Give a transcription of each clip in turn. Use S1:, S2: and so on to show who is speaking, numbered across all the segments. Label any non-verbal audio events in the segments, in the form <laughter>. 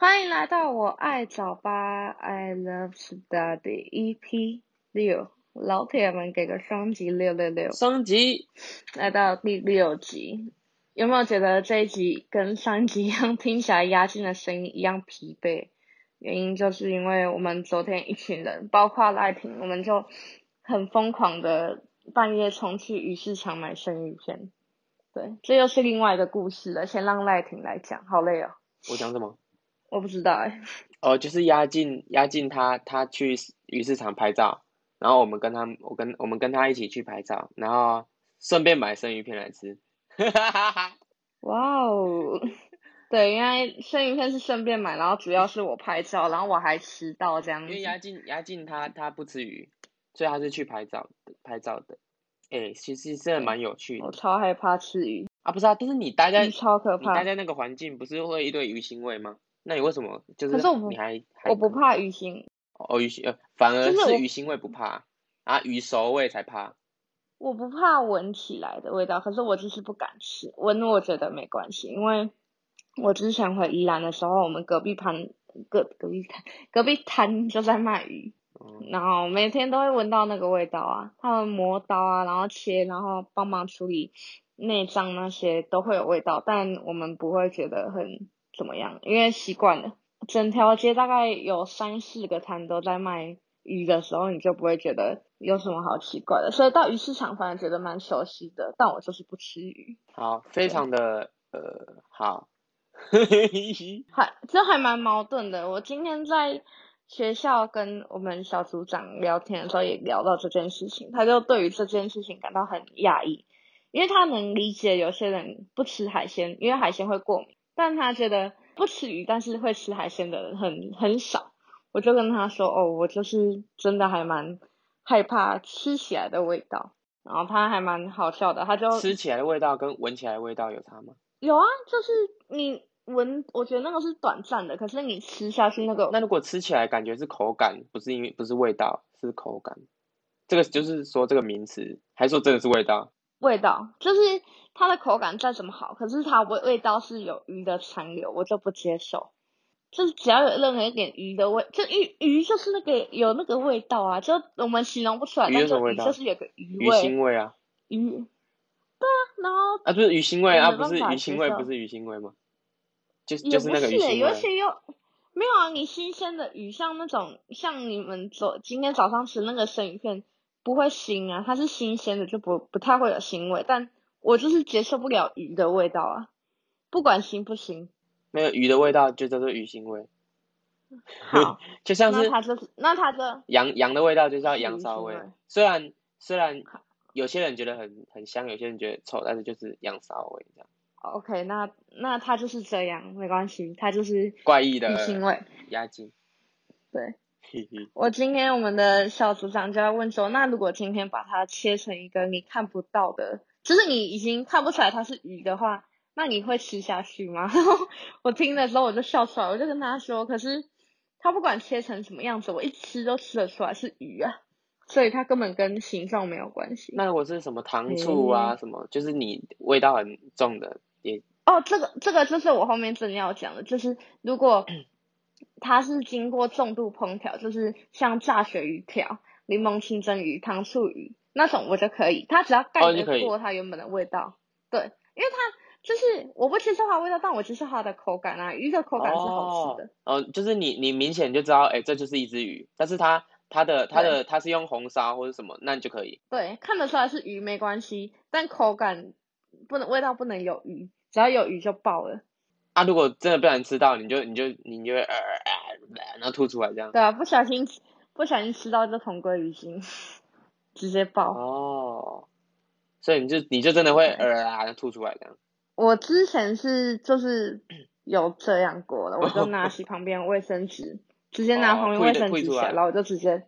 S1: 歡迎來到我愛早八，I love study EP 六，老鐵們給個雙擊六六六。雙擊，來到第六集，有沒有覺得這一集跟上集一樣，聽起來鴨勁的聲音一樣疲憊？原因就是因為我們昨天一群人，包括賴廷，我們就很瘋狂的半夜衝去魚市場買生魚片。對，這又是另外一個故事了。先讓賴廷來講，好累哦。
S2: 我講什麼？我不知道哎、欸。哦，就是鴨勁鴨勁他他去魚市場拍照，然後我們跟他我跟我們跟他一起去拍照，然後順便買生魚片來吃。
S1: 哈哈哈哈，哇哦！對，因為生魚片是順便買，然後主要是我拍照，然後我還吃到這樣。因為鴨
S2: 勁鴨勁他他不吃魚，所以他是去拍照拍照的。哎、欸，其實真的蠻有趣的、欸。我
S1: 超害怕吃魚啊！不是啊，就是你待在超可怕，你待
S2: 在那個環境不是會一堆魚腥味嗎？那你為什麼就是你還？可
S1: 是我不，我不怕魚腥。
S2: 哦，魚腥呃，反而是魚腥味不怕、就是、啊，魚熟味才怕。
S1: 我不怕聞起來的味道，可是我就是不敢吃。聞我覺得沒關係，因為我之前回宜蘭的時候，我們隔壁攤、隔隔壁攤、隔壁攤就在賣魚、嗯，然後每天都會聞到那個味道啊。他們磨刀啊，然後切，然後幫忙處理內臟那些都會有味道，但我們不會覺得很。怎麼樣？因為習慣了，整條街大概有三四個攤都在賣魚的時候，你就不會覺得有什麼好奇怪的。所以到魚市場反而覺得蠻熟悉的。但我就是不吃魚。
S2: 好，非常的呃好，嘿嘿嘿，
S1: 還這還蠻矛盾的。我今天在學校跟我們小組長聊天的時候，也聊到這件事情，他就對於這件事情感到很訝異，因為他能理解有些人不吃海鮮，因為海鮮會過敏。但他覺得不吃魚，但是會吃海鮮的人很很少。我就跟他說：“哦，我就是真的還蠻害怕吃起來的味道。”然後他還蠻好笑的，他就吃
S2: 起來的味道跟聞起來的味道有差嗎？
S1: 有啊，就是你聞，我覺得那個是短暫的，可是你
S2: 吃下去那個……那如果吃起來感覺是口感，不是因為不是味道，是口感，這個就是說這個名詞，還說真的是味道？
S1: 味道就是它的口感再怎麼好，可是它味味道是有魚的殘留，我就不接受。就是只要有任何一點魚的味，就魚魚就是那個有那個味道啊，就我們形容不出來那種，個味道，但是就是有個魚，魚腥味啊，魚，對啊，然後啊不，就是魚腥味啊，不是魚腥味，不是
S2: 魚腥味嗎？就也不是，欸，
S1: 魚，尤其又沒有啊，你新鮮的魚，像那種像你們昨今天早上吃那個生魚片。不會腥啊，它是新鮮的，就不不太會有腥味。但我就是接受不了魚的味道啊，不管腥不腥，
S2: 沒有魚的味道就叫做魚腥味。好， <laughs> 就像是那它
S1: 這，那它這
S2: 羊羊的味道就叫羊騷味，味。雖然雖然有些人覺得很很香，有些人覺得臭，但是就是
S1: 羊騷味這樣，OK，那那它就是這樣，沒關係，它就是怪異的魚腥味鴨勁，對。 <laughs> 我今天我們的小組長就要問說，那如果今天把它切成一個你看不到的，就是你已經看不出來它是魚的話，那你會吃下去嗎？ <laughs> 我聽的時候我就笑出來，我就跟他說，可是他不管切成什麼樣子，我一吃都吃得出來是魚啊，所以它根本跟形狀沒有關係。那
S2: 如果是什麼糖醋啊，嗯、什麼就是你味道很重的
S1: 也……哦，這個這個就是我後面正要講的，就是如果。 <coughs> 它是經過重度烹調，就是像炸鱈魚條、檸檬清蒸魚、糖醋魚那種，我就可以。它只要蓋得過它原本的味道，哦、對，因為它就是我不接受它的味道，但我接受它的口感啊，魚的口感是好吃
S2: 的。哦，哦就是你你明顯就知道，哎、欸，這就是一隻魚，但是它它的它的它是用紅燒或者什麼，那你就可以。
S1: 對，看得出來是魚沒關係，但口感不能味道不能有魚，只要有魚就爆了。
S2: 啊！如果真的不小心吃到，你就你就你就會呃、啊啊，然後吐出來這
S1: 樣。對啊，不小心不小心吃到就同歸於盡，直接爆。
S2: 哦，所以你就你就真的會呃啊，吐出來這樣。
S1: 我之前是就是有這樣過的，我就拿起旁邊衛生紙， <laughs> 直接拿旁邊衛生紙起來，哦，然後我就直接，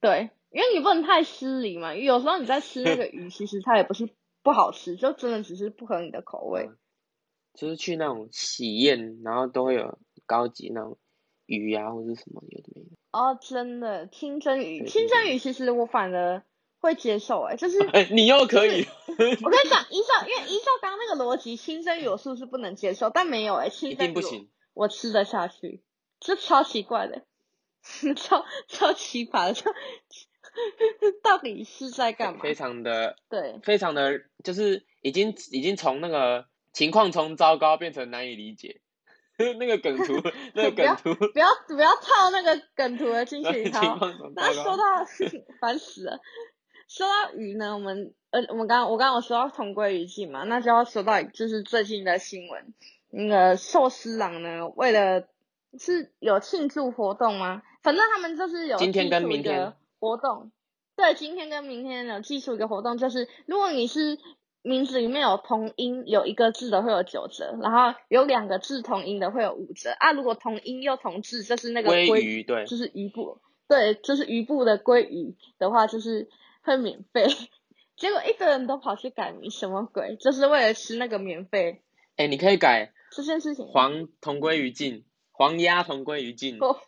S1: 對，因為你不能太失禮嘛。有時候你在吃那個魚， <laughs> 其實它也不是不好吃，就真的只是不合你的口味。嗯
S2: 就是去那種喜宴，然後都會有高級那種魚啊，或者什麼有的沒
S1: 有。哦，真的清蒸魚，清蒸魚其實我反而會接受誒就是誒、欸、
S2: 你又可以， <laughs> 就是、
S1: 我跟你講，依照，因為依照剛剛那個邏輯，清蒸魚我是不是不能接受，但沒有誒，一定不行。我吃得下去，這超奇怪的， <laughs> 超超奇葩的， <laughs> 到底是在幹嘛、欸？非常的對，
S2: 非常的，就是已經已經從那個。情況從糟糕變成難以理解， <laughs> 那個梗圖， <laughs> 那個梗圖， <laughs> <laughs> <laughs> 不要不
S1: 要，不要套那個梗圖的進去裡頭。那 <laughs> 說到煩 <laughs> <laughs> 死了，說到魚呢，我們呃，我們剛我剛剛我有說到同歸於盡嘛，那就要說到就是最近的新聞，那個壽司郎呢，為了是有慶祝活動嗎？反正他們就是有一個今天的活動，對，今天跟明天有基礎一個活動，就是如果你是。名字裡面有同音有一個字的會有九折，然後有兩個字同音的會有五折。啊，如果同音又同字，就是那個鮭魚，對，就是魚部，對，就是魚部的鮭魚的話就是會免費。結果一個人都跑去改名，什麼鬼？就是為了吃那個免費？哎、
S2: 欸，你可以改這件事情。黃同歸於盡，黃鴨同歸於盡。
S1: 我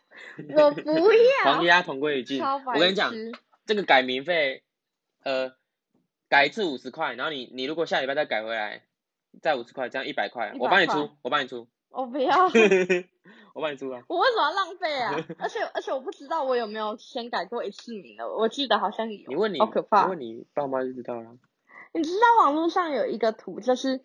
S1: 不要。 <laughs> 黃鴨同歸於盡。超白癡。我跟你講，
S2: 這個改名費，呃。改一次五十塊，然後你你如果下禮拜再改回來，再五十塊，這樣一百塊，我幫你出，我幫你出。
S1: 我不要。
S2: <laughs> 我幫你出啊。
S1: 我為什麼要浪費啊？ <laughs> 而且而且我不知道我有沒有先改過一次名的，我記得好像有。
S2: 你問你，好可怕啊。你問你爸媽就知道了。你
S1: 知道網絡上有一個圖，就是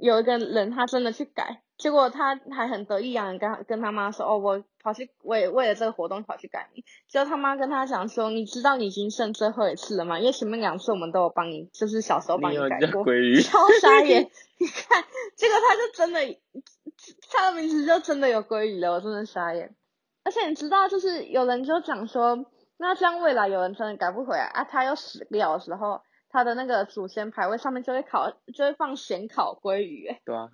S1: 有一個人他真的去改。結果他還很得意洋洋，跟跟他媽說：“哦，我跑去為為了這個活動跑去改名。”結果他媽跟他講說：“你知道你已經剩最後一次了嗎？因為前面兩次我們都有幫你，就是小時候幫你改過。叫”超傻眼！ <laughs> 你看，結果他就真的，他的名字就真的有鮭魚了，我真的傻眼。而且你知道，就是有人就講說，那這樣未來有人真的改不回來啊？啊他要死掉的時候，他的那個祖先牌位上面就會考，就會放顯考鮭魚、欸。對啊。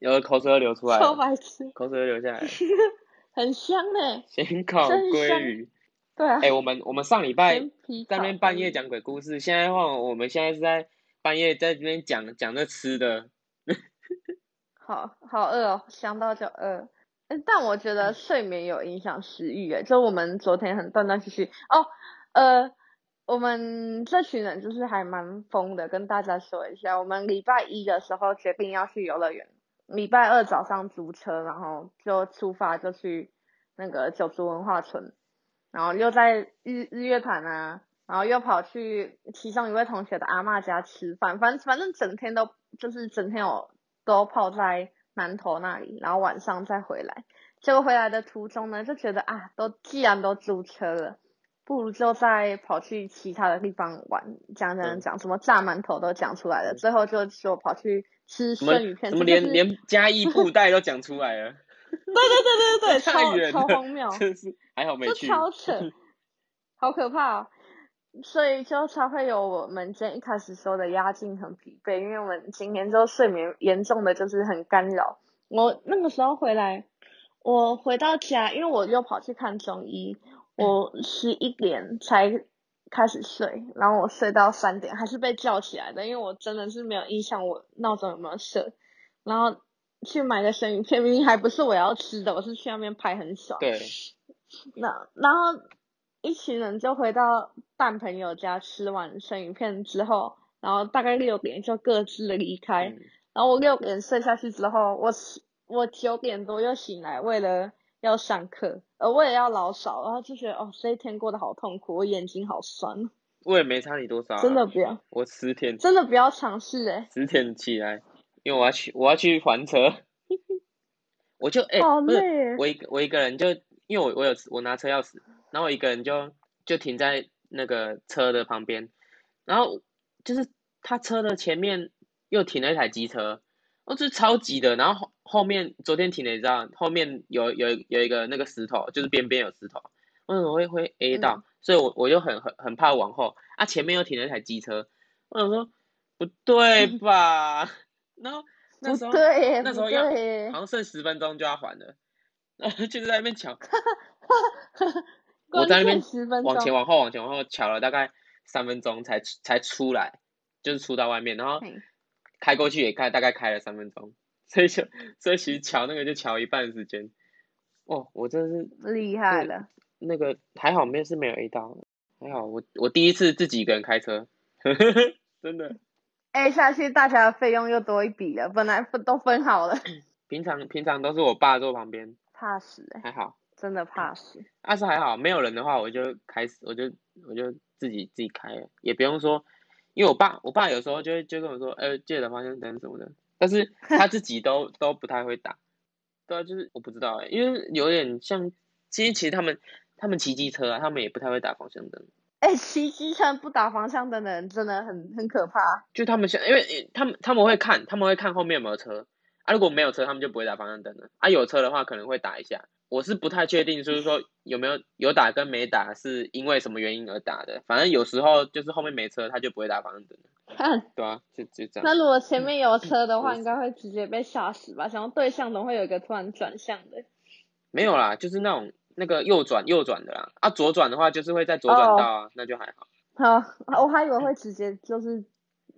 S2: 有的口水都流出來白癡，口水都流下
S1: 來， <laughs> 很香嘞、
S2: 欸。鹹烤鮭魚，
S1: 對啊。哎、欸，我
S2: 們我們上禮拜在那邊半夜講鬼故事，現在的話我們現在是在半夜在這那邊講講這吃的。
S1: <laughs> 好好餓哦，想到就餓。但我覺得睡眠有影響食欲欸，就我們昨天很斷斷續續。哦，呃，我們這群人就是還蠻瘋的，跟大家說一下，我們禮拜一的時候決定要去遊樂園。禮拜二早上租車，然後就出發，就去那個九族文化村，然後又在日日月潭啊，然後又跑去其中一位同學的阿嬤家吃飯，反正反正整天都就是整天有都泡在饅頭那裡，然後晚上再回來。結果回來的途中呢，就覺得啊，都既然都租車了，不如就再跑去其他的地方玩，講講講，嗯、什麼炸饅頭都講出來了，嗯、最後就就跑去。吃生魚片？怎麼連連加一布
S2: 袋都講出來了？
S1: <laughs> 對對對對對,對超超荒謬，
S2: 還好沒去。超扯，
S1: <laughs> 好可怕、哦！所以就才會有我們今天一開始說的鴨勁很疲憊，因為我們今天就睡眠嚴重的，就是很干擾。我那個時候回來，我回到家，因為我又跑去看中醫，嗯、我十一點才。開始睡，然後我睡到三點還是被叫起來的，因為我真的是沒有印象我鬧鐘有沒有設。然後去買個生魚片，明明還不是我要吃的，我是去那邊拍很爽。對、okay.。那然後一群人就回到半朋友家吃完生魚片之後，然後大概六點就各自離開。嗯、然後我六點睡下去之後，我我九點多又醒來，為了。要上課，呃，我也要老少，然後就覺得哦，這一天過得好痛苦，我眼睛好酸。
S2: 我也沒差你多少，啊。真的不要。我十天。真
S1: 的不要嘗試哎。
S2: 十天起來，因為我要去，我要去還車。 <laughs> 我就哎、欸，好累。不是，我一個我一個人就，因為我我有我拿車鑰匙，然後我一個人就就停在那個車的旁邊，然後就是他車的前面又停了一台機車。哦，就是超擠的。然後後面昨天停了一站，後面有有有一個那個石頭，就是邊邊有石頭，為什麼會會 A 到？嗯、所以我我就很很很怕往後啊，前面又停了一台機車，我想說不對吧？嗯、然後那時候不對，
S1: 那時候要好像
S2: 剩十分鐘就要還了，就是在那邊
S1: 搶，我在那邊往前往
S2: 後往前往後搶了大概三分鐘才才出來，就是出到外面，然後。開過去也開，大概開了三分鐘，所以就，所以其實橋那個就橋一半時間。哦，我真是
S1: 厲害了。那、那
S2: 個還好，面試沒有 A 到。還好，我我第一次自己一個人開車， <laughs> 真的。
S1: 哎、欸，下去大家的費用又多一筆了，本來分都分好了。
S2: 平常平常都是我爸坐旁邊，
S1: 怕死、欸。還好，真的怕死。但、
S2: 啊啊、是還好，沒有人的話我，我就開始，我就我就自己自己開了，也不用說。因為我爸，我爸有時候就會就跟我說，呃、欸，記得方向燈什麼的，但是他自己都 <laughs> 都不太會打，對啊，就是我不知道、欸、因為有點像，其實其實他們他們騎機車啊，他們也不太會打方向燈，
S1: 誒、欸、騎機車不打方向燈的人真的很很可怕，就他們
S2: 想，因為、欸、他們他們會看，他們會看後面有沒有車。啊、如果沒有車，他們就不會打方向燈了。啊。有車的話，可能會打一下。我是不太確定，就是說有沒有有打跟沒打，是因為什麼原因而打的。反正有時候就是後面沒車，他就不會打方向燈。看、啊，對啊，就就這樣。那如
S1: 果前面有車的話，嗯、應該會直接被嚇死吧？像對向燈會有一個突然轉向的。
S2: 沒有啦，就是那種那個右轉右轉的啦。啊，左轉的話就是會在左轉道啊、哦，那就還好。
S1: 好，我還以為會直接就是，嗯、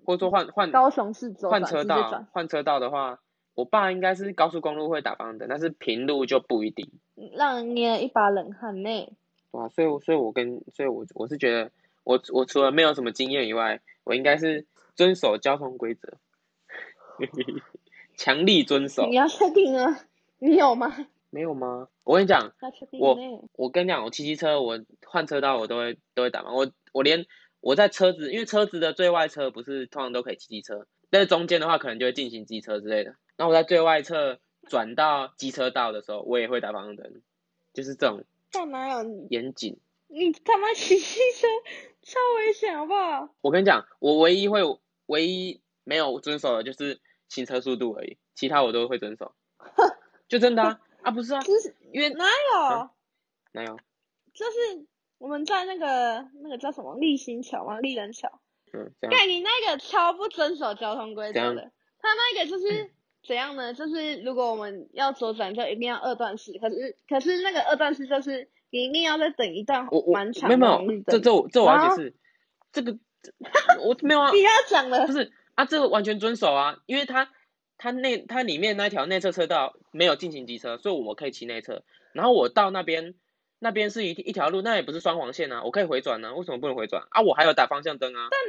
S1: 或者說換換高雄市左轉車道，
S2: 換車道的話。我爸應該是高速公路會打方向燈的，但是平路就不一定。
S1: 讓人捏了一把冷汗呢。
S2: 哇，所以我所以，我跟所以我，我我是覺得我，我我除了沒有什麼經驗以外，我應該是遵守交通規則，強 <laughs> 力遵守。你
S1: 要確定啊？你有嗎？
S2: 沒有嗎？我跟你講，我我跟你講，我騎機車，我換車道，我都會都會打方向燈。我我連我在車子，因為車子的最外側不是通常都可以騎機車，但是中間的話，可能就會禁行機車之類的。那我在最外側轉到機車道的時候，我也會打方向燈，就是這種。幹嘛有嚴謹有
S1: 你？你他媽騎機車超危險好不好？
S2: 我跟你講，我唯一會、唯一沒有遵守的就是行車速度而已，其他我都會遵守。呵就真的啊？啊不是啊。就是原來有？沒、啊、有？
S1: 就是我們在那個那個叫什麼立新橋嗎？立人橋。嗯。對，你那個超不遵守交通規則的，他那個就是。嗯怎樣呢？就是如果我們要左轉，就一定要二段式。可是可是那個二段式就是你一定要再等一段，我成沒有沒有，這這這我要解釋，這個我沒有啊。你要講了不是
S2: 啊？這個完全遵守啊，因為它它那它裡面那條內側車道沒有禁行機車，所以我可以騎內側。然後我到那邊那邊是一一條路，那也不是雙黃線啊，我可以回轉啊，為什麼不能回轉啊？我還有打方向燈啊。但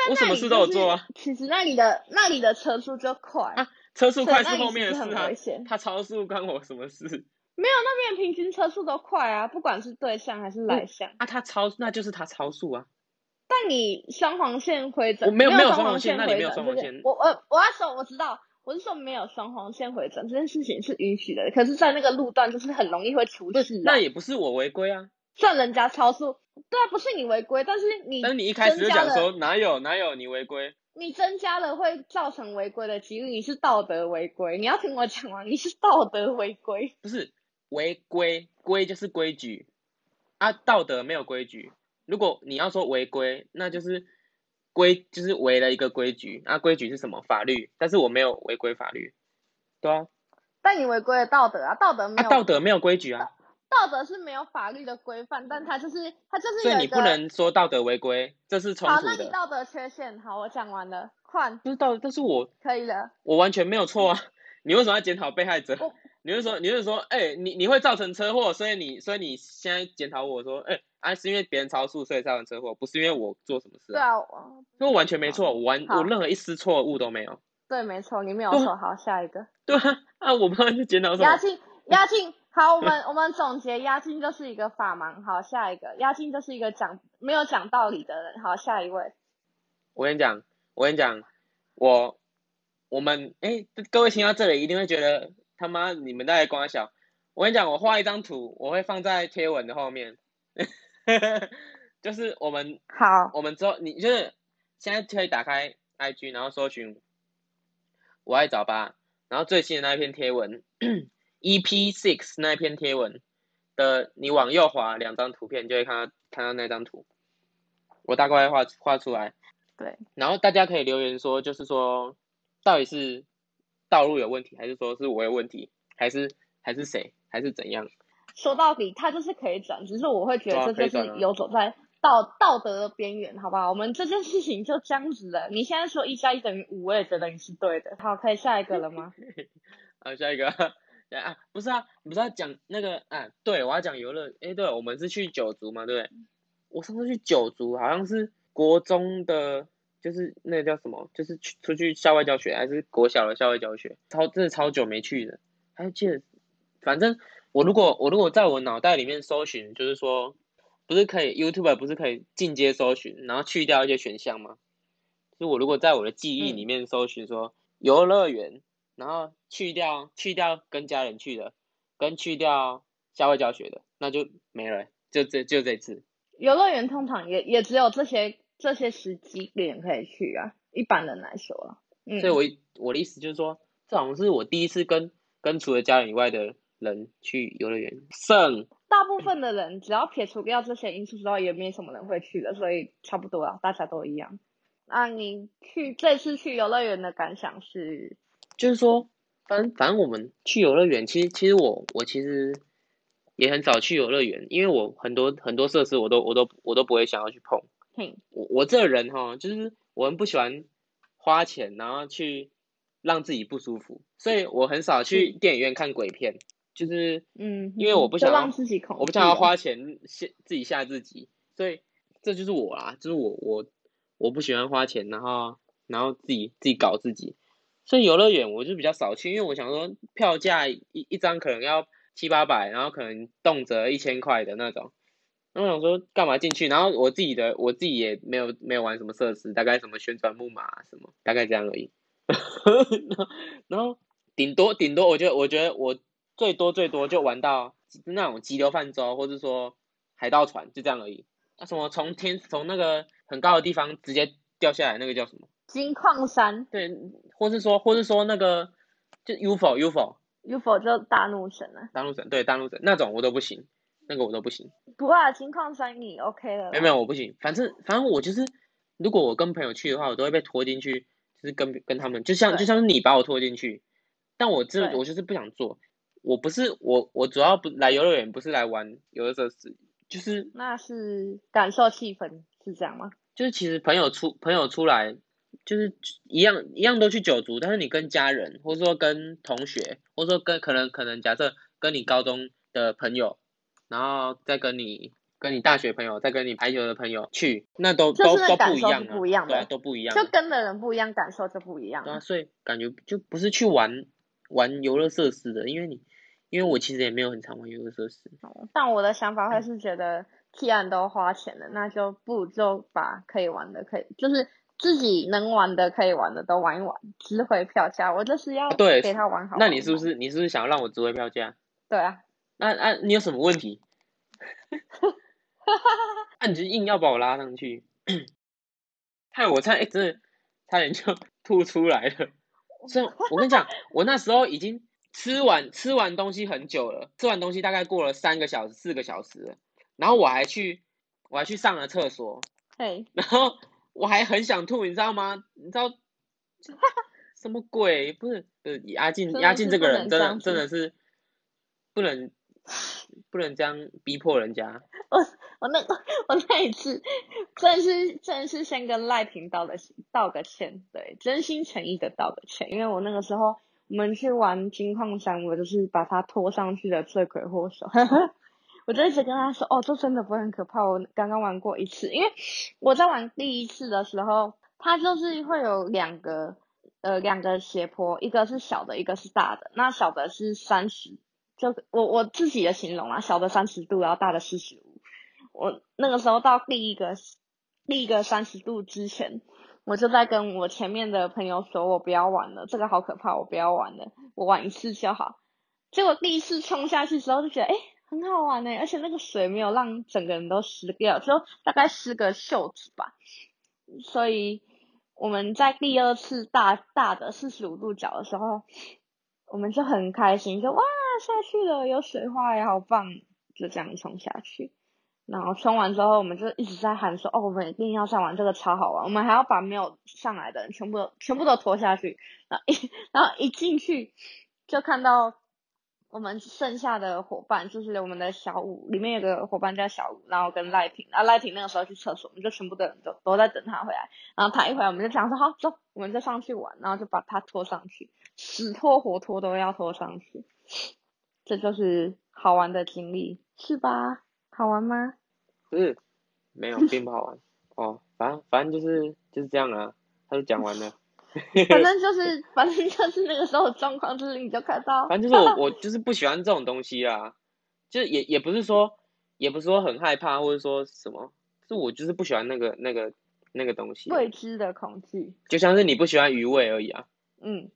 S2: 就是、我什麼事都有做
S1: 啊！其實那裡的那裡的車速就快啊，車速快是後面的事啊。
S2: 他超速關我什
S1: 麼事？沒有，那邊平均車速都快啊，不管是對向還是來向、嗯。
S2: 啊，他超那就是他超速啊。
S1: 但你雙黃線回轉，我沒有沒有雙黃線回轉。我那、這個、我我，我要說，我知道，我是說沒有雙黃線回轉這件事情是允許的，可是在那個路段就是很容易會出事。那也不是我違規啊。算人家超速，對啊，不是你違規，但是你，但你一開始就講說哪
S2: 有，哪有你違規？
S1: 你增加了會造成違規的幾率、啊，你是道德違規，你要聽我講嗎？你是道德違規，
S2: 不是，違規，規就是規矩啊，道德沒有規矩，如果你要說違規，那就是規就是違了一個規矩啊，規矩是什麼？法律，但是我沒有違規法律，對啊，
S1: 但你違規了道德啊，道德沒有，啊，道
S2: 德沒有規矩啊。
S1: 道德是沒有法律的規範，但他就是他就是，因為你不能
S2: 說道德違規，這是衝突的。好，那你道
S1: 德缺陷。好，我講完了，換。就是道德，這是我可以的。
S2: 我完全沒有錯啊、嗯！你為什麼要檢討被害者？你就說你就說，哎、欸，你你會造成車禍，所以你所以你現在檢討我說，哎、欸，還、啊、是因為別人超速，所以造成車禍，不是因為我做什麼事、啊。對啊，我。就完全沒錯，我完我任何一絲錯誤都沒有。
S1: 對，沒錯，你沒有錯。好，下一個。
S2: 對啊，啊，我不知道要檢討什麼。鴨勁，
S1: 鴨 <laughs> <laughs> 好，我們我們總結鴨勁就是一個法盲。好，下一個鴨勁就是一個講沒有講道理的人。好，下一位，
S2: 我跟你講，我跟你講，我我們誒、欸、各位聽到這裡一定會覺得他媽你們在瓜小。我跟你講，我畫一張圖，我會放在貼文的後面， <laughs> 就是我們好，我們之後你就是現在可以打開 IG，然後搜尋我愛早八，然後最新的那一篇貼文。 <coughs> E P six 那一篇貼文的，你往右滑兩張圖片，就會看到看到那張圖。我大概畫畫出來。對。然後大家可以留言說，就是說，到底是道路有問題，還是說是我有問題，還是還是誰，還是怎樣？
S1: 說到底，他就是可以轉，只是我會覺得這就是遊走在道德、啊、走在道德的邊緣，好不好？我們這件事情就這樣子了。你現在說一加一等於五，我也覺得你是對的。好，可以下一個了嗎？
S2: <laughs> 好，下一個、啊。對啊，不是啊，你不是要、啊、講那個啊？對，我要講遊樂。誒對，我們是去九族嘛，對不對？我上次去九族，好像是國中的，就是那個叫什麼？就是出去校外教學，還是國小的校外教學？超真的超久沒去了，還記得？反正我如果我如果在我腦袋裡面搜尋，就是說，不是可以 YouTube 不是可以進階搜尋，然後去掉一些選項嗎？就是、我如果在我的記憶裡面搜尋說，說、嗯、遊樂園。然後去掉去掉跟家人去的，跟去掉校外教學的，那就沒了，就這就這次
S1: 遊樂園，通常也也只有這些這些時機點可以去啊，一般人來說了、啊嗯。
S2: 所以我我的意思就是說，這好像是我第一次跟跟除了家人以外的人去遊樂園。剩、嗯、
S1: 大部分的人只要撇除掉這些因素之後，也沒什麼人會去的，所以差不多啊，大家都一樣。那你去這次去遊樂園的感想是？
S2: 就是說，反正反正我們去遊樂園，其實其實我我其實也很少去遊樂園，因為我很多很多設施我都我都我都不會想要去碰。
S1: 我
S2: 我這人哈，就是我很不喜歡花錢，然後去讓自己不舒服，所以我很少去電影院看鬼片，嗯、就是
S1: 嗯，因為我不想讓自己恐，我不想要花
S2: 錢嚇自己嚇自己，所以這就是我啦，就是我我我不喜歡花錢，然後然後自己自己搞自己。所以遊樂園我就比較少去，因為我想說票價一一張可能要七八百，然後可能動輒一千塊的那種。然後我想說幹嘛進去？然後我自己的我自己也沒有沒有玩什麼設施，大概什麼旋轉木馬、啊，什麼，大概這樣而已。 <laughs> 然後頂多頂多，多我覺得我覺得我最多最多就玩到那種激流泛舟，或者說海盜船，就這樣而已。那，啊，什麼從天從那個很高的地方直接掉下來，那個叫什麼？
S1: 金礦山？對。或是說，
S2: 或是說那個，就 UFO UFO
S1: UFO 就大怒神啊，大
S2: 怒神，對，大怒神那種我都不行，那個我都不行。
S1: 不啊，情況算你 OK 了？沒有，
S2: 沒有，我不行。反正反正我就是，如果我跟朋友去的話，我都會被拖進去，就是跟跟他們，就像就像是你把我拖進去，但我這我就是不想做。我不是我，我主要不來遊樂園，不是來玩遊樂設施，
S1: 就是那是感受氣氛，是這樣嗎？
S2: 就是其實朋友出朋友出來。就是一樣一樣都去九族，但是你跟家人，或者說跟同學，或者說跟可能可能假設跟你高中的朋友，然後再跟你跟你大學朋友，再跟你排球的朋友去，那都、就是、那都都不一樣，不一樣，對，都不一樣，不一樣，的、啊都不一樣，就
S1: 跟的人不一樣，感受就不一樣。對啊，
S2: 所以感覺就不是去玩玩遊樂設施的，因為你因為我其實也沒有很常玩遊樂設施，嗯。
S1: 但我的想法還是覺得，既然都花錢了，那就不如就把可以玩的可以就是。自己能玩的可以玩的都玩一玩，值回票價。我這是要給他玩好玩。那你是不是
S2: 你是不是想要讓我值回票價？
S1: 對啊。那、
S2: 啊、那、啊、你有什麼問題？哈哈哈哈哈！啊，你就硬要把我拉上去，害 <coughs> 我差、欸、真的差點就吐出來了。所以，我跟你講，我那時候已經吃完吃完東西很久了，吃完東西大概過了三個小時、四個小時了，然後我還去我還去上了廁所。嘿、hey.，然後。我還很想吐，你知道嗎？你知道什麼鬼？不是，呃，鴨勁，鴨勁這個人真的真的是不能，是不，能不能這樣逼迫人家。
S1: 我我那我那一次真是真是先跟賴廷道的道個歉，對，真心誠意的道個歉，因為我那個時候我們去玩金礦山，我就是把他拖上去的罪魁禍首。 <laughs> 我就一直跟他說：“哦，這真的不是很可怕。”我剛剛玩過一次，因為我在玩第一次的時候，它就是會有兩個，呃，兩個斜坡，一個是小的，一個是大的。那小的是三十，就我我自己的形容啊，小的三十度，然後大的四十五。我那個時候到第一個第一個三十度之前，我就在跟我前面的朋友說：“我不要玩了，這個好可怕，我不要玩了，我玩一次就好。”結果第一次衝下去的時候就覺得，哎。很好玩呢！欸，而且那個水沒有讓整個人都濕掉，就大概濕個袖子吧。所以我們在第二次大大的四十五度角的時候，我們就很開心，就哇下去了，有水花也好棒，就這樣衝下去。然後衝完之後，我們就一直在喊說，哦，我們一定要上完這個超好玩，我們還要把沒有上來的人全部全部都，全部都拖下去。然後一然後一進去就看到。我們剩下的夥伴就是我們的小五，裡面有個夥伴叫小五，然後跟賴廷，啊賴廷那個時候去廁所，我們就全部的人都都在等他回來，然後他一回來我們就想說好走，我們就上去玩，然後就把他拖上去，死拖活拖都要拖上去，這就是好玩的經歷，是吧？好玩嗎？不
S2: 是，沒有，並不好玩， <laughs> 哦，反正反正就是就是這樣啊，他就講完了。 <laughs> <laughs> 反正
S1: 就是，反正就是那個時候狀況就是你就開刀，反正就是我，我
S2: 就是不喜歡這種東西啊， <laughs> 就是也也不是說，也不是說很害怕，或者說什麼，是我就是不喜歡那個那個那個東西啊。
S1: 未知的恐懼。
S2: 就像是你不喜歡魚味而已啊。嗯。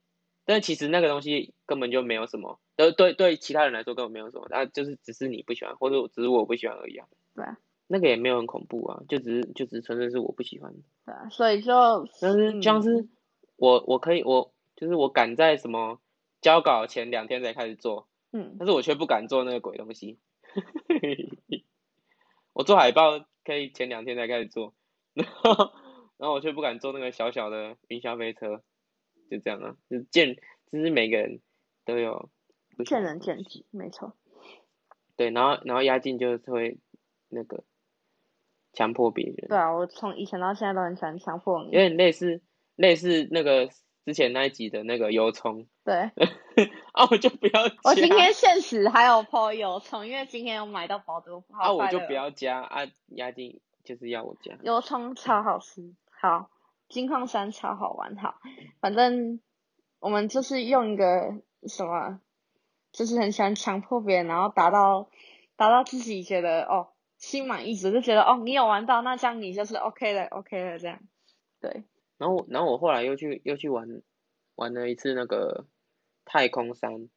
S2: 但其實那個東西根本就沒有什麼，呃，對對，其他人來說根本沒有什麼，那就是只是你不喜歡，或者只是我不喜歡而已啊。對啊。那個也沒有很恐怖啊，就只是就只是純粹是我不喜歡。對啊，
S1: 所以就是。就是像是。
S2: 我我可以，我就是我趕在什麼交稿前兩天才開始做，
S1: 嗯，但
S2: 是我卻不敢做那個鬼東西。 <laughs> 我做海報可以前兩天才開始做， <laughs> 然後然後我卻不敢做那個小小的雲霄飛車，就這樣啊，就見，就是每個人都有
S1: 見仁見智，沒錯。
S2: 對，然後然後鴨勁就是會那個強迫別人。
S1: 對啊，我從以前到現在都很喜歡強迫你。有點
S2: 類似。類似那個之前那一集的那個油蔥，
S1: 對， <laughs>
S2: 啊我就不要。我今天
S1: 現實還有泡油蔥，因為今天我買到包子。啊我就不要
S2: 加啊，鴨勁就是要我加。油
S1: 蔥超好吃，好，金礦山超好玩，好，反正我們就是用一個什麼，就是很喜歡強迫別人，然後達到達到自己覺得哦心滿意足，就覺得哦你有玩到，那這樣你就是 OK 的，OK 的這樣，對。
S2: 然後，然後我後來又去又去玩，玩了一次那個太空山，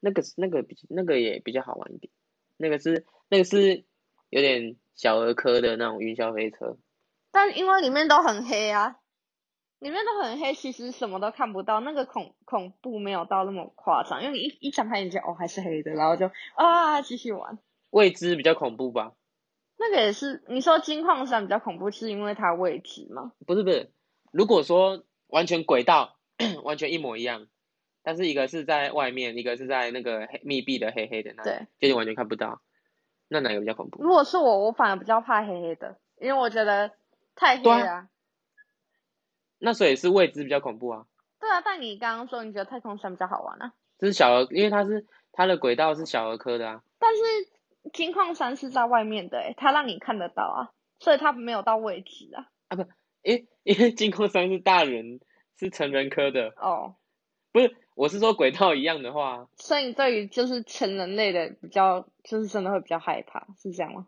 S2: 那個那個比那個也比較好玩一點，那個是那個是有點小兒科的那種雲霄飛車，
S1: 但因為裡面都很黑啊，裡面都很黑，其實什麼都看不到，那個恐恐怖沒有到那麼誇張，因為你一一睜開眼睛哦還是黑的，然後就啊、哦、繼續玩，
S2: 未知比較恐怖吧。
S1: 那個也是，你說金礦山比較恐怖，是因為它位置嗎？
S2: 不是不是，如果說完全軌道 <coughs> 完全一模一樣，但是一個是在外面，一個是在那個黑密閉的黑黑的那裡，對，就你完全看不到，那哪個比較恐怖？
S1: 如果是我，我反而比較怕黑黑的，因為我覺得太黑了。啊、
S2: 那所以是位置比較恐怖啊。
S1: 對啊，但你剛剛說你覺得太空山比較好玩啊？
S2: 就是小兒，因為它是它的軌道是小兒科的啊。
S1: 但是。金礦山是在外面的，欸，誒它讓你看得到啊，所以它沒有到位置啊。
S2: 啊，不，哎、欸，因為金礦山是大人，是成人科的。哦、oh.，不是，我是說軌道一樣的話。
S1: 所以對於就是全人類的比較，就是真的會比較害怕，是這樣嗎？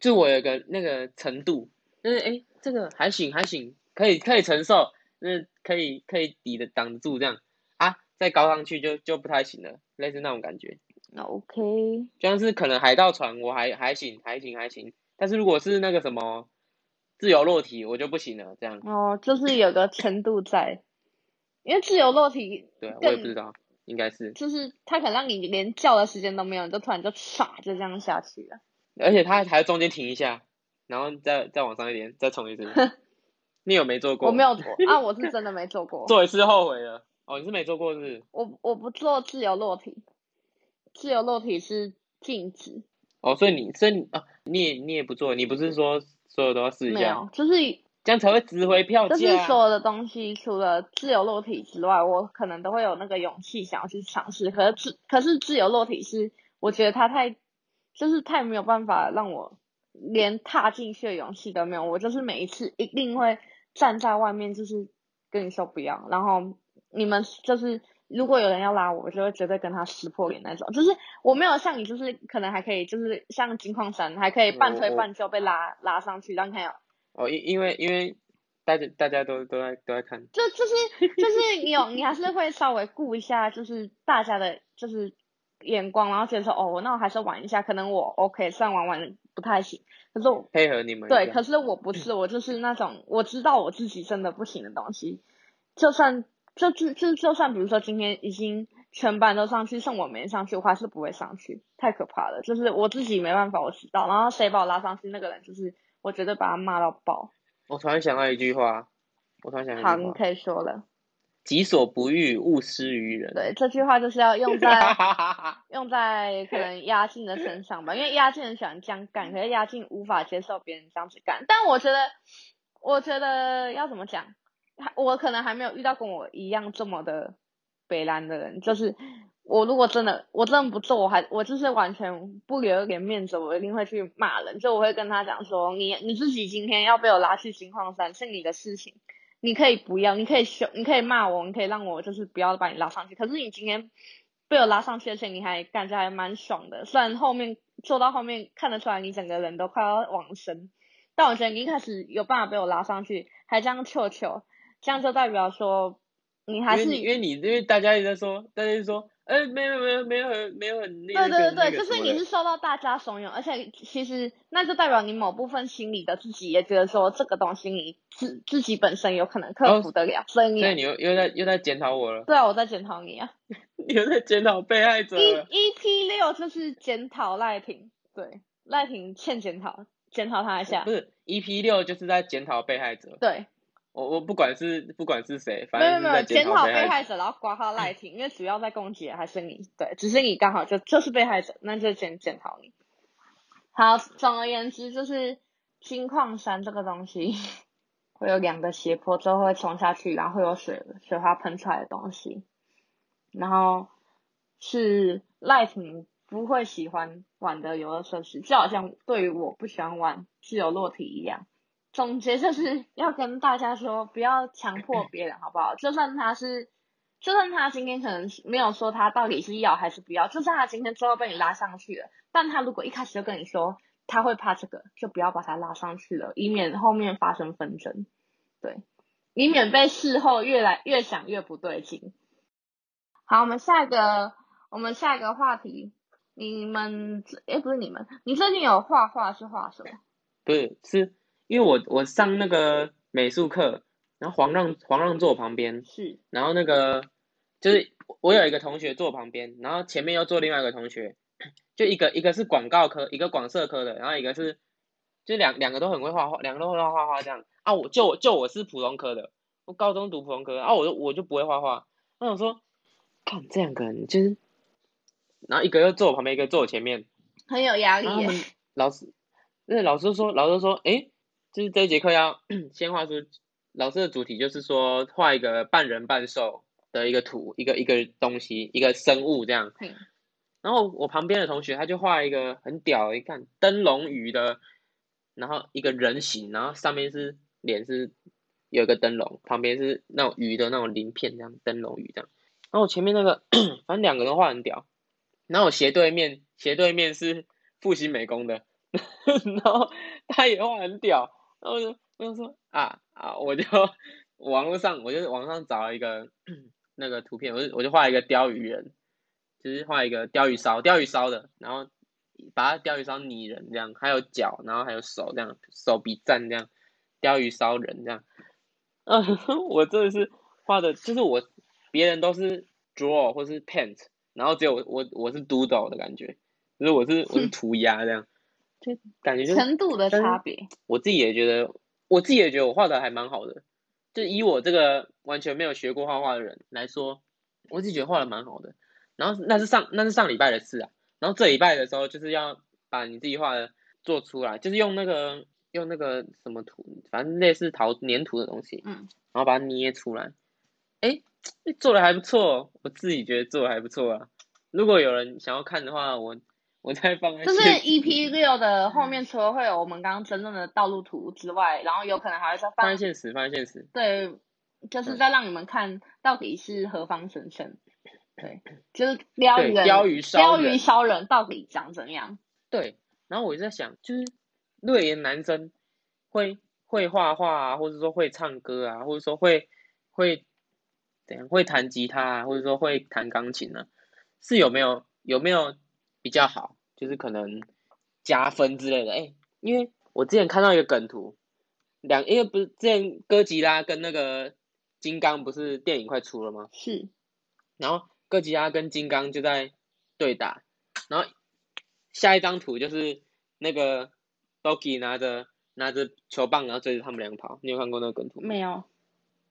S2: 就我有個那個程度，
S1: 就是誒，這個
S2: 還行還行，可以可以承受，就是可以可以抵得擋得住這樣啊。再高上去就就不太行了，類似那種感覺。
S1: 那 OK，就
S2: 像是可能海盜船我還還行還行還行，但是如果是那個什麼自由落體，我就不行了這樣。
S1: 哦，就是有個程度在， <laughs> 因為自由落體，
S2: 對，我也不知道，應該是，就
S1: 是他可能讓你連叫的時間都沒有，你就突然就唰就這樣下去了。
S2: 而且他還在中間停一下，然後再再往上一點，再衝一次。 <laughs> 你有沒做過？我沒有做，啊，我是
S1: 真的沒做過。 <laughs> 做
S2: 一次後悔了。哦，你是沒做過是不是？
S1: 我我不做自由落體。自由落體是禁止。
S2: 哦，所以你，所以你啊，你也，你也不做。你不是說所有都要試一下，
S1: 就是這
S2: 樣才會值回票價啊？就是所
S1: 有的東西，除了自由落體之外，我可能都會有那個勇氣想要去嘗試。可是可是自由落體是，我覺得它太，就是太沒有辦法讓我連踏進去的勇氣都沒有。我就是每一次一定會站在外面，就是跟你說不要。然後你們就是。如果有人要拉我，我就會絕對跟他撕破臉那種。就是我沒有像你，就是可能還可以，就是像金礦山，還可以半推半就被拉、哦、拉上去讓看哦。哦，因
S2: 為因為因為大家大家都大家都在都在看，
S1: 就就是就是你有，你還是會稍微顧一下，就是大家的就是眼光，然後覺得說哦，那我還是玩一下，可能我 OK 算玩玩不太行，可是我
S2: 配合你們，對，可是
S1: 我不是，我就是那種我知道我自己真的不行的東西，就算。就就就就算，比如說今天已經全班都上去，剩我沒上去，我還是不會上去，太可怕了。就是我自己沒辦法，我知道然後誰把我拉上去，那個人就是我絕對把他罵到爆。
S2: 我突然想到一句話，我突然想
S1: 到一句話。好，可以說
S2: 了。己所不
S1: 欲，勿施於人。對，這句話就是要用在 <laughs> 用在可能鴨勁的身上吧，因為鴨勁很喜歡這樣幹，可是鴨勁無法接受別人這樣子幹。但我覺得，我覺得要怎麼講？我可能還沒有遇到跟我一樣這麼的北爛的人，就是我如果真的我真的不做，我還我就是完全不留一點面子，我一定會去罵人。就我會跟他講說，你你自己今天要被我拉去金礦山是你的事情，你可以不要，你可以凶，你可以罵我，你可以讓我就是不要把你拉上去。可是你今天被我拉上去之前，你還感覺還蠻爽的。雖然後面做到後面看得出來你整個人都快要往生，但我覺得你一開始有辦法被我拉上去，還這樣求求。這樣就代表說，你還是因為你，
S2: 因為你，因為大家一直在說，大家一直在說，哎、欸，沒有沒有沒有很沒有很、那個，對對對對，就是你是受
S1: 到大家慫恿，而且其實那就代表你某部分心裡的自己也覺得說，這個東西你自自己本身有可能克服得了，哦、所以你
S2: 又又在又在檢討我了。
S1: 對啊，我在檢討你啊，
S2: <laughs> 你又在檢討被害者了。
S1: E E P 六就是檢討賴廷，對，賴廷欠檢討，檢討他一下。不
S2: 是 E P 六就是在檢討被害者。對。我我不管是不管是誰，反正沒有沒有檢討被害者，
S1: 然後颳他賴廷， <laughs> 因為主要在攻擊還是你。對，只是你剛好就就是被害者，那就檢檢討你。好，總而言之，就是金礦山這個東西 <laughs> 會有兩個斜坡，之後會衝下去，然後會有水水花噴出來的東西，然後是賴廷不會喜歡玩的遊樂設施，就好像對於我不喜歡玩自由落體一樣。總結就是要跟大家說，不要強迫別人，好不好？就算他是，就算他今天可能沒有說他到底是要還是不要，就算他今天最後被你拉上去了，但他如果一開始就跟你說他會怕這個，就不要把他拉上去了，以免後面發生紛爭，對，以免被事後越來越想越不對勁。好，我們下一個，我們下一個話題，你們，哎、欸，不是你們，你最近有畫畫是畫什麼？
S2: 對，是。因為我我上那個美術課，然後黃讓黃讓坐我旁邊，是，然後那個就是我有一個同學坐我旁邊，然後前面又坐另外一個同學，就一個一個是廣告科，一個廣設科的，然後一個是就兩兩個都很會畫畫，兩個都會畫畫，這樣啊，我就就我是普通科的，我高中讀普通科，啊，我就我就不會畫畫，然後我說，看這兩個，你就是，然後一個又坐我旁邊，一個坐我前面，
S1: 很有壓力。
S2: 老師，那個、老師說，老師說，哎、欸。就是這一節課要 <coughs> 先畫出老師的主題，就是說畫一個半人半獸的一個圖，一個一個東西，一個生物這樣。然後我旁邊的同學他就畫一個很屌，一看燈籠魚的，然後一個人形，然後上面是臉是有一個燈籠，旁邊是那種魚的那種鱗片，這樣燈籠魚這樣。然後我前面那個 <coughs> 反正兩個都畫很屌，然後我斜對面斜對面是復習美工的， <laughs> 然後他也畫很屌。我就我就說啊啊！我就網絡上，我就網上找了一個那個圖片，我就我就畫一個鯛魚人，就是畫一個鯛魚燒鯛魚燒的，然後把它鯛魚燒擬人這樣，還有腳，然後還有手這樣，手比讚這樣，鯛魚燒人這樣。啊，我真的是畫的，就是我別人都是 draw 或是 paint，然後只有我我,我是 doodle 的感覺，就是我是我是塗鴉這樣。就感覺就程
S1: 度的差別，
S2: 我自己也覺得，我自己也覺得我畫的還蠻好的。就以我這個完全沒有學過畫畫的人來說，我自己覺得畫的蠻好的。然後那是上那是上禮拜的事啊，然後這禮拜的時候，就是要把你自己畫的做出來，就是用那個用那個什麼土，反正類似陶粘土的東西，嗯，然後把它捏出來。哎、欸，做的還不錯，我自己覺得做的還不錯啊。如果有人想要看的話，我。我再放在，就是
S1: EP 六的後面，除了會有我們剛剛真正的道路圖之外，嗯、然後有可能還會再放現
S2: 實，放現實。
S1: 對，就是在讓你們看到底是何方神聖、嗯。對，
S2: 就
S1: 是鯛魚，鯛魚，鯛魚燒，燒人到底長怎樣？對。
S2: 然後我就在想，就是若言男生會會畫畫啊，或者說會唱歌啊，或者說會會怎樣會彈吉他啊，或者說會彈鋼琴呢、啊，是有沒有有沒有？比較好，就是可能加分之類的。哎、欸，因為我之前看到一個梗圖，兩因為不是之前哥吉拉跟那個金剛不是電影快出了嗎？是。然後哥吉拉跟金剛就在對打，然後下一張圖就是那個 Doki 拿着拿着球棒，然後追着他們兩個跑。你有看過那個梗圖？沒有。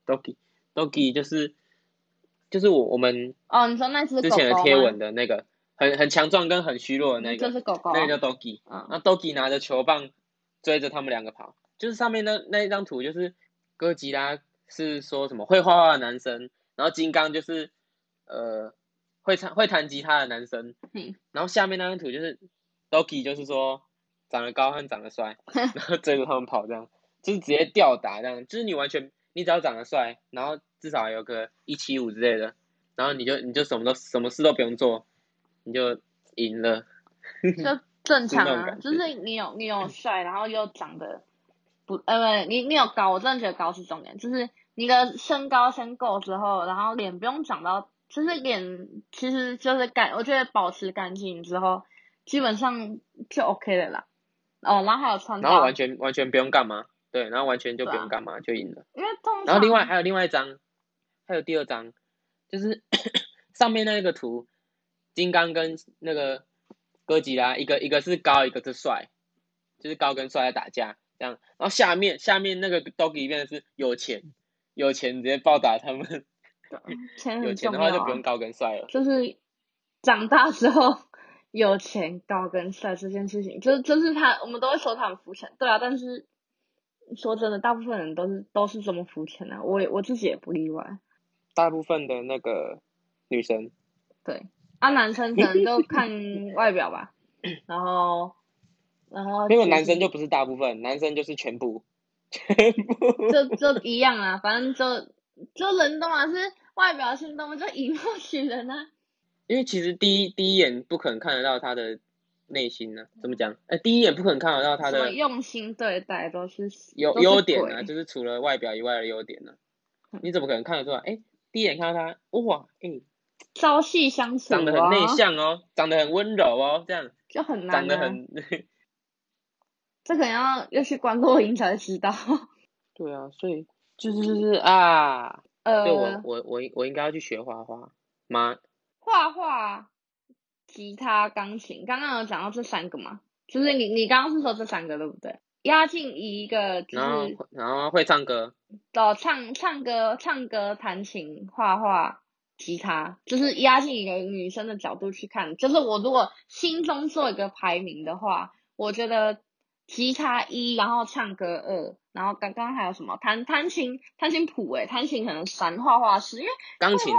S2: Doki Doki 就是就是我我們、那
S1: 個、哦，你說那是之前的貼文
S2: 的那個。很很強壯跟很虛弱的那個，嗯就是、狗狗那個叫 Doki 啊，那 Doki 拿着球棒追着他們兩個跑，就是上面那那一張圖，就是哥吉拉是說什麼會畫畫的男生，然後金剛就是呃會彈會彈吉他的男生，嗯、然後下面那張圖就是 Doki 就是說長得高和長得帥，然後追着他們跑這樣， <laughs> 就是直接吊打這樣，就是你完全你只要長得帥，然後至少有個一七五之類的，然後你就你就什麼都什麼事都不用做。你就贏了，
S1: 就正常啊， <laughs> 是就是你有你有帥，然後又長得不呃、欸、不你你有高，我真的覺得高是重點，就是你的身高先夠之後，然後臉不用長到，就是臉其實就是乾，我覺得保持乾淨之後，基本上就 OK 了啦。哦，然後還有穿搭，然後完
S2: 全完全不用幹嘛，對，然後完全就不用幹嘛、啊、就贏了。因為通常，然後另外還有另外一張，還有第二張，就是 <coughs> 上面那個圖。金剛跟那個哥吉拉，一個一個是高，一個是帥，就是高跟帥在打架，這樣。然後下面下面那個 doggy 變的是有錢，有錢直接暴打他們。有錢很重要
S1: 啊。有錢的話就不用高跟帥了。就是長大之後有錢高跟帥這件事情，就是、就是他，我們都會說他們膚淺。對啊，但是說真的，大部分人都是都是這麼膚淺啊，我我自己也不例外。大部分的那
S2: 個女生。
S1: 對。啊，男生可能都看外表吧， <laughs> 然後，然後，因為男生
S2: 就不是大部分，男生就是全部，
S1: 全部就就一樣啊，反正就就人都嘛，是外表心動嘛，就以貌取人
S2: 呢、啊。因為其實第一第一眼不可能看得到他的內心呢、啊，怎麼講、哎？第一眼不可能看得到他的
S1: 用心對待都，都是優點呢、啊，
S2: 就是除了外表以外的優點呢、啊，你怎麼可能看得出來？哎，
S1: 第一眼看到他，哇，哎、嗯。朝夕相處，長得很內向
S2: 哦，哦，長得很溫柔哦，這樣。就很
S1: 難、啊。長得
S2: 很，
S1: <laughs> 這可能要要去關注您才知道。
S2: 對啊，所以就是就是啊，呃。我我我，我應該要去學畫畫嗎？
S1: 畫畫、吉他、鋼琴，剛剛有講到這三個嘛，就是你你剛剛是說這三個對不對？押韻一個，就
S2: 是、然後然後會唱歌。
S1: 哦，唱唱歌唱歌彈琴畫畫。吉他就是壓進一個女生的角度去看，就是我如果心中做一個排名的話，我覺得吉他一，然後唱歌二，然後剛剛還有什麼彈彈琴彈琴譜誒、欸，彈琴可能三、啊哎，畫畫師，因為鋼琴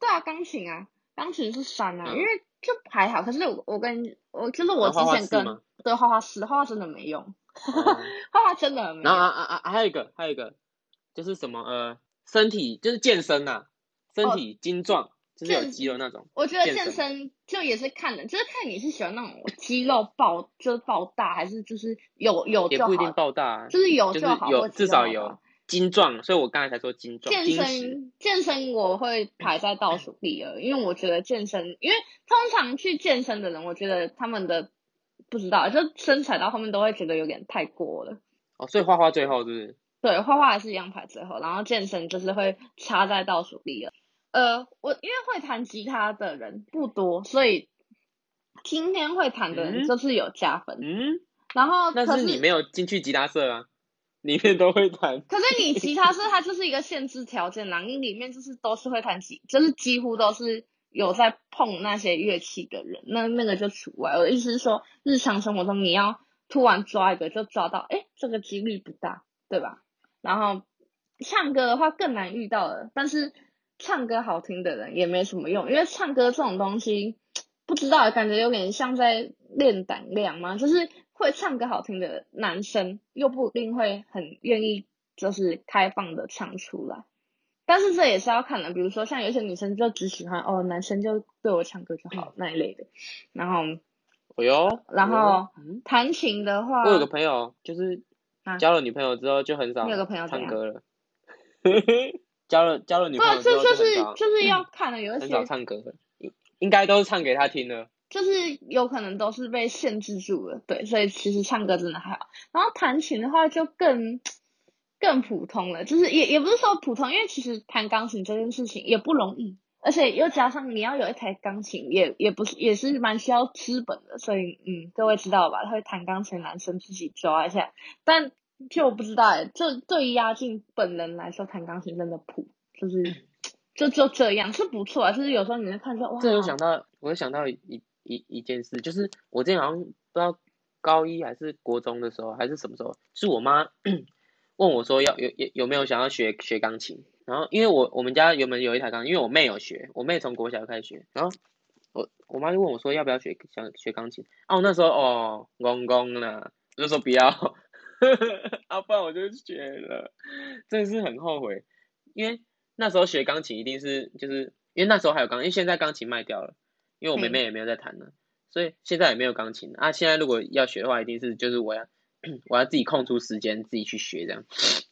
S1: 對啊，鋼琴啊，鋼琴是三啊、嗯，因為就還好，可是我,我跟我就是我之前跟對畫畫師，畫畫真的沒用， <laughs> 畫畫真的沒用、嗯、然後啊
S2: 啊啊，還有一個還有一個就是什麼呃，身體就是健身吶、啊。身體精壯，哦，就是有肌肉那種。我覺得健身，
S1: 健身就也是看的，就是看你是喜歡那種肌肉爆， <laughs> 就是爆大，還是就是有有也不一定爆大，
S2: 就是有就好，就是，有是就好，至少有精壯。所以我剛才才說精壯。健身
S1: 健身我會排在倒數第二，因為我覺得健身，因為通常去健身的人，我覺得他們的不知道，就身材到後面都會覺得有點太過了。
S2: 哦，所以畫畫最後是
S1: 不是？對，畫畫也是一樣排最後，然後健身就是會插在倒數第二。呃，我因為會彈吉他的人不多，所以今天會彈的人就是有加分。嗯。嗯，然後但是，是你沒
S2: 有進去吉他社啊， <laughs> 裡面都會彈。
S1: 可是你吉他社它就是一個限制條件啦，你裡面就是都是會彈吉，就是幾乎都是有在碰那些樂器的人，那那個就除外了。我的意思是說，日常生活中你要突然抓一個就抓到，哎、欸，這個幾率不大，對吧？然後唱歌的話更難遇到了，但是。唱歌好聽的人也沒什麼用，因為唱歌這種東西，不知道感覺有點像在練膽量嘛，就是會唱歌好聽的男生又不一定會很願意就是開放的唱出來，但是這也是要看的。比如說像有些女生就只喜歡哦，男生就對我唱歌就好，嗯、那一類的，然後，哦、
S2: 哎，然後、哎、
S1: 彈琴的話，我有個
S2: 朋友就是交了女朋友之後就很少、啊、唱歌了。 <laughs> 交了交了女朋友就，就是、就是、就是要
S1: 看了。嗯、有一些。很
S2: 少唱歌，應應該都是唱給他聽的。
S1: 就是有可能都是被限制住了。對，所以其實唱歌真的還好。然後彈琴的話就更更普通了，就是也也不是說普通，因為其實彈鋼琴這件事情也不容易，而且又加上你要有一台鋼琴也，也也不是也是蠻需要資本的。所以嗯，各位知道吧？會彈鋼琴男生自己抓一下，但。就我不知道哎，這對於鴨勁本人來說，彈鋼琴真的普，就是就就這樣是不錯啊。就是有時候你在看說哇，這有想
S2: 到，我就想到一一一件事，就是我之前好像不知道高一還是國中的時候還是什麼時候，是我媽問我說要有有有沒有想要學學鋼琴？然後因為我我們家有沒有一台鋼琴，因為我妹有學，我妹從國小開始學，然後我我媽就問我說要不要學想學鋼琴？哦，我那時候哦公公呢那時候不要。啊不然，我就學了，真是很後悔。因為那時候學鋼琴一定是就是因為那時候還有鋼，因為現在鋼琴賣掉了，因為我妹妹也沒有在彈了、啊，所以現在也沒有鋼琴啊。現在如果要學的話，一定是就是我要我要自己空出時間自己去學這樣。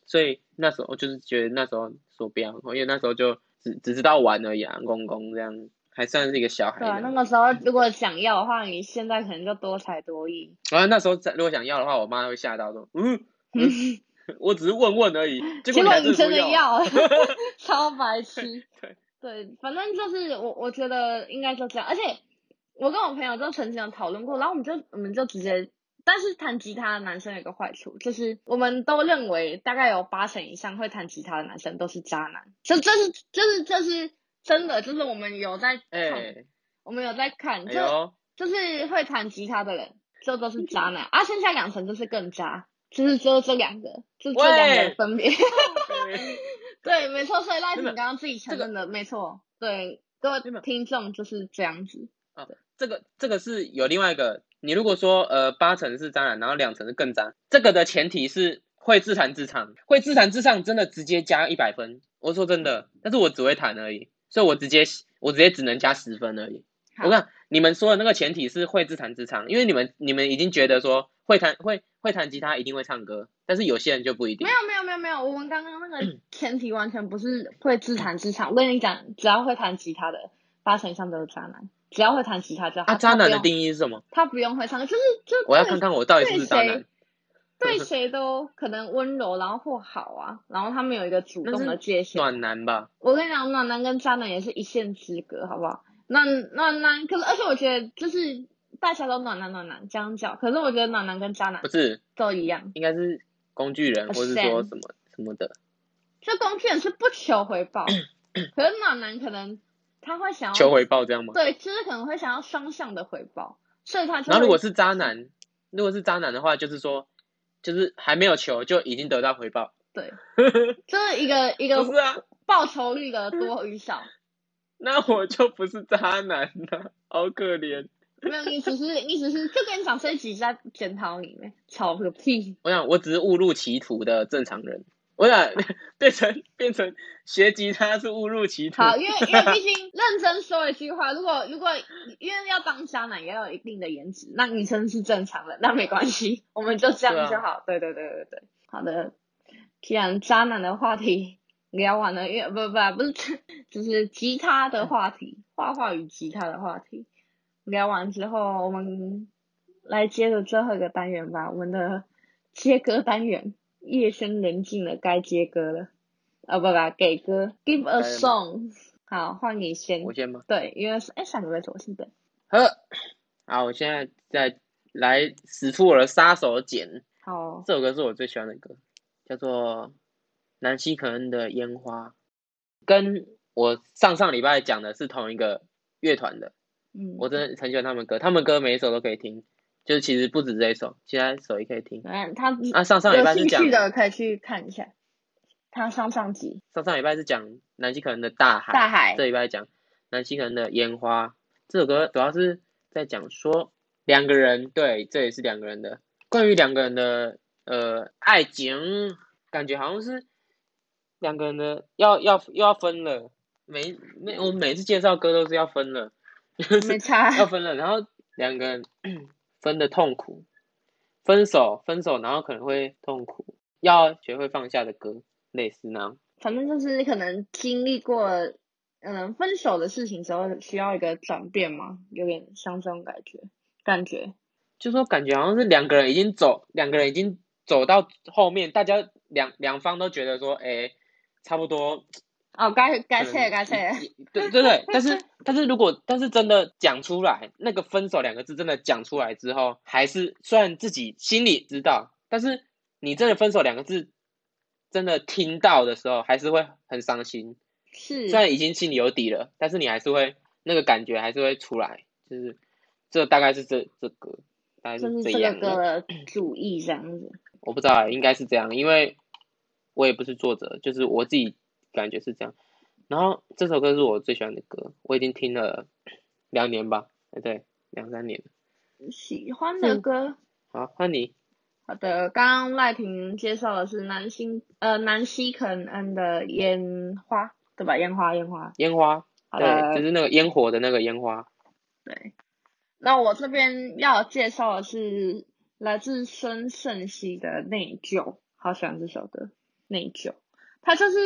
S2: 所以那時候就是覺得那時候說不要很好，因為那時候就只只知道玩而已、啊，公公這樣。還算是一個小孩。
S1: 對啊，那個時候如果想要的話，你現在可能就多才多藝。
S2: 啊，那時候如果想要的話，我媽會嚇到說嗯：“嗯，我只是問問而已。”結果你真的要，
S1: <laughs> 超白痴。對對，對，反正就是我，我覺得應該就是這樣。而且我跟我朋友就曾經有討論過，然後我們就我們就直接，但是彈吉他的男生有一個壞處，就是我們都認為大概有八成以上會彈吉他的男生都是渣男，這這是這是這是。就是就是就是真的就是我們有在看，欸，我們有在看，就，哎，就是會彈吉他的人就都是渣男 <laughs> 啊，剩下兩成就是更渣，就是只有這兩個，就這兩個分別， <laughs> 欸欸。對，沒錯，所以賴廷剛剛自己承認的，這個，沒錯，對各位聽眾就是這樣子
S2: 啊。這個這個是有另外一個，你如果說呃，八成是渣男，然後兩成是更渣，這個的前提是會自彈自唱，會自彈自唱，真的直接加一百分。我說真的，嗯，但是我只會彈而已。所以，我直接，我直接只能加十分而已。我看，你們說的那個前提是會自彈自唱，因為你們，你們已經覺得說會彈會會彈吉他一定會唱歌，但是有些人就不一定。
S1: 沒有，沒有，沒有，沒有。我們剛剛那個前提完全不是會自彈自唱。我跟 <coughs> 你講，只要會彈吉他的八成以上都是渣男，只要會彈吉他就他。啊，渣男的定義是什麼？他不用，他不用會唱，就是就。我要看看我到底是不是渣男。對誰都可能溫柔，然後或好啊，然後他們有一個主動的界
S2: 限。暖男吧，
S1: 我跟你講，暖男跟渣男也是一線之隔，好不好？暖暖男，可是而且我覺得，就是大家都暖男暖男這樣叫，可是我覺得暖男跟渣男不是都一樣，應該
S2: 是工具人，或是說什麼什麼的。
S1: 這工具人是不求回報， <coughs> 可是暖男可能他會想要求回
S2: 報這樣嗎？對，
S1: 其實可能會想要雙向的回報，所以他就。然後如果是
S2: 渣男，如果是渣男的話，就是說。就是還沒有求就已經得到回報，對，
S1: 就是一個 <laughs> 一個不是啊，報酬率的多與少，啊、
S2: <laughs> 那我就不是渣男了、啊，好可憐。 <laughs> 沒
S1: 有意思，是意思是就跟小崔自己在檢討裡面。操個屁！
S2: 我想我只是誤入歧途的正常人。我想變成變成學吉他是誤入歧途。好，因為因為畢竟
S1: 認真說一句話， <laughs> 如果如果因為要當渣男，也要有一定的顏值。那女生是正常的，那沒關係，我們就這樣就好。對對對對對，好的。既然渣男的話題聊完了，因為不不不，不是就是吉他的話題，畫畫與吉他的話題聊完之後，我們來接着最後一個單元吧，我們的切歌單元。夜深人靜了，該接歌了。啊，不不，給歌，Give a song。好，換你先。我先嗎？對，因為哎，上禮拜我先的。
S2: 呵，好，我現在再來使出我的殺手鐧。
S1: 好。這
S2: 首歌是我最喜歡的歌，叫做南西·可恩的《煙花》跟。跟我上上禮拜講的是同一個樂團的。嗯。我真的很喜歡他們歌，他們歌每一首都可以聽。就是其實不止這一首，其他首也可以聽。
S1: 嗯，他啊上上禮拜是講的，可以去看一下。他上上集
S2: 上上禮拜是講南極可能的大海，大海。這禮拜講南極可能的煙花。這首歌主要是在講說兩個人，對，這也是兩個人的關於兩個人的呃愛情，感覺好像是兩個人的要要又要分了。每每我每次介紹歌都是要分了，沒差。 <laughs> 要分了，然後兩個人。 <coughs> 分的痛苦，分手，分手，然後可能會痛苦，要學會放下的歌，類似那樣。
S1: 反正就是可能經歷過，嗯、呃，分手的事情時候需要一個轉變嘛，有點像這種感覺，感覺，
S2: 就說感覺好像是兩個人已經走，兩個人已經走到後面，大家兩兩方都覺得說，哎、欸，差不多。
S1: 哦，該該切該切。
S2: 對對對，但是但是如果但是真的講出來， <laughs> 那個“分手”兩個字真的講出來之後，還是雖然自己心裡知道。但是你真的“分手”兩個字，真的聽到的時候，還是會很傷心。是，雖然已經心裡有底了，但是你還是會那個感覺還是會出來，就是這大概是這這個大概是這樣的。這，
S1: 這個主意這樣子。
S2: 我不知道、欸、應該是這樣，因為我也不是作者，就是我自己。感覺是這樣，然後這首歌是我最喜歡的歌，我已經聽了兩年吧，對，兩三年
S1: 喜歡的歌，嗯、好，迎你。好的，剛剛賴平介紹的是南希，呃，南希肯安的煙花，對吧？煙花煙花
S2: 煙花，對，好的，就是那個煙火的那個煙花。
S1: 對，那我這邊要介紹的是來自深盛熙的內疚，好喜歡這首歌，內疚，它就是。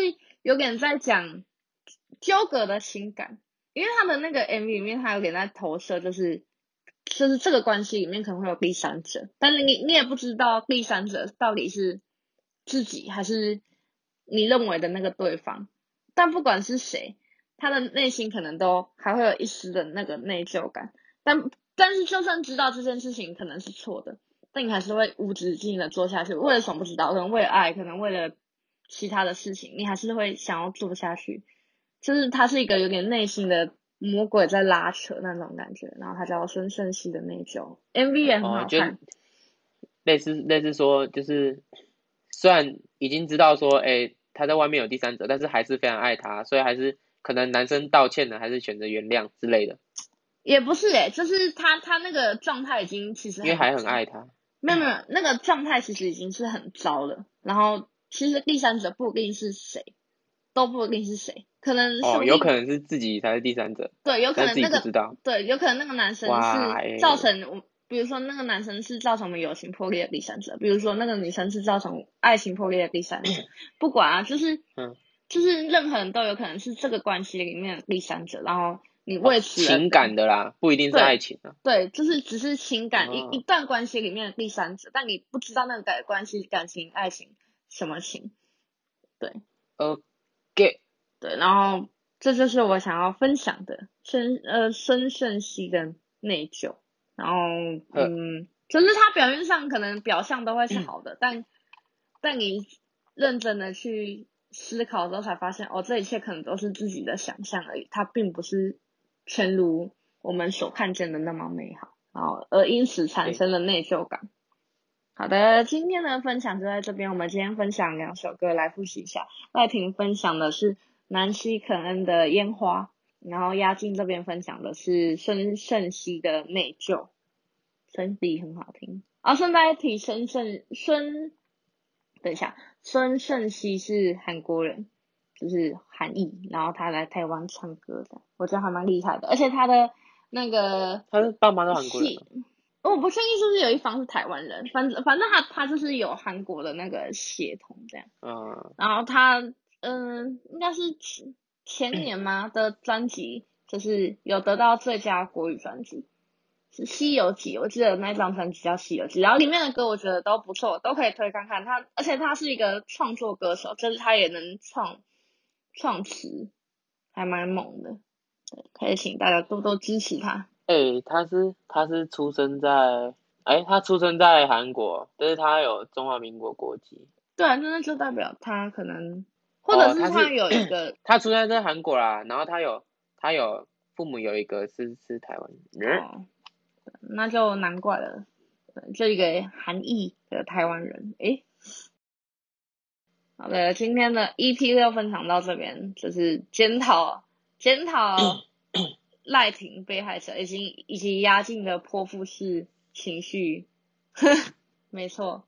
S1: 有點在講糾葛的情感，因為他的那個 MV 裡面，他有點在投射，就是就是這個關係裡面可能會有第三者，但是你你也不知道第三者到底是自己還是你認為的那個對方，但不管是誰，他的內心可能都還會有一絲的那個內疚感，但但是就算知道這件事情可能是錯的，但你還是會無止境的做下去，為了什麼不知道，可能為了愛，可能為了。其他的事情，你還是會想要做下去，就是他是一個有點內心的魔鬼在拉扯那種感覺，然後他叫孫生係的那種 MV 也很好看，嗯哦、
S2: 類似類似說就是雖然已經知道說哎、欸、他在外面有第三者，但是還是非常愛他，所以還是可能男生道歉了，還是選擇原諒之類的，
S1: 也不是哎、欸，就是他他那個狀態已經其實因為還很愛他，沒有沒有那個狀態其實已經是很糟了，然後。其實第三者不一定是誰，都不一定是誰，可能是、哦，有可
S2: 能是自己才是第三者。對，有可能那個，
S1: 對，有可能那個男生是造成、欸、比如說那個男生是造成我們友情破裂的第三者，比如說那個女生是造成愛情破裂的第三者、嗯。不管啊，就是嗯，就是任何人都有可能是這個關係裡面的第三者。然後你為此、哦、情感的
S2: 啦，不一定是愛情的、啊。
S1: 對，就是只是情感、哦、一一段關係裡面的第三者，但你不知道那個感關係感情愛情。什麼情？對，呃，OK，對，然後這就是我想要分享的，深呃深深吸的內疚，然後嗯、呃，就是他表面上可能表象，都會是好的，嗯、但但你認真的去思考之後才發現，哦，這一切可能都是自己的想象而已，它並不是全如我們所看見的那麼美好，然後而因此產生了內疚感。欸好的，今天的分享就在這邊。我們今天分享兩首歌來複習一下。賴廷分享的是南西肯恩的《煙花》，然後鴨勁這邊分享的是孫盛希的美《內疚》，申熙很好聽啊。順帶提孫盛孫等一下，孫盛希是韓國人，就是韓裔，然後他來台灣唱歌的，我覺得還蠻厲害的，而且他的那個，哦、他是的爸媽都很貴。我不確定是不，就是有一方是台灣人，反正反正他他就是有韓國的那個血統這樣，嗯，然後他嗯、呃、應該是前前年嗎的專輯就是有得到最佳國語專輯，是《西遊記》，我記得那張專輯叫《西遊記》，然後裡面的歌我覺得都不錯，都可以推看看他，而且他是一個創作歌手，就是他也能創創詞，還蠻猛的，可以請大家多多支持他。哎、欸，他是他是出生在，
S2: 哎、欸，他出生在韓國，但是他有中華民國國籍。
S1: 對啊，那就代表他可能，或者是他有一個，
S2: 哦、他,他出生在韓國啦，然後他有他有父母有一個是是台灣人，
S1: 那就難怪了，這一個韓裔的台灣人，哎、欸，好的，今天的 EP 6分享到這邊，就是檢討，檢討。 <coughs> 賴廷被害者已經已經壓境的潑婦式情緒， <laughs> 沒錯，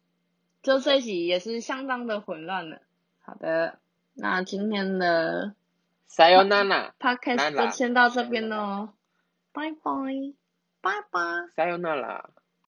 S1: 就這一集也是相當的混亂了。好的，那今天的 Sayonara，Podcast 就先到這邊嘍，拜拜，拜拜，Sayonara。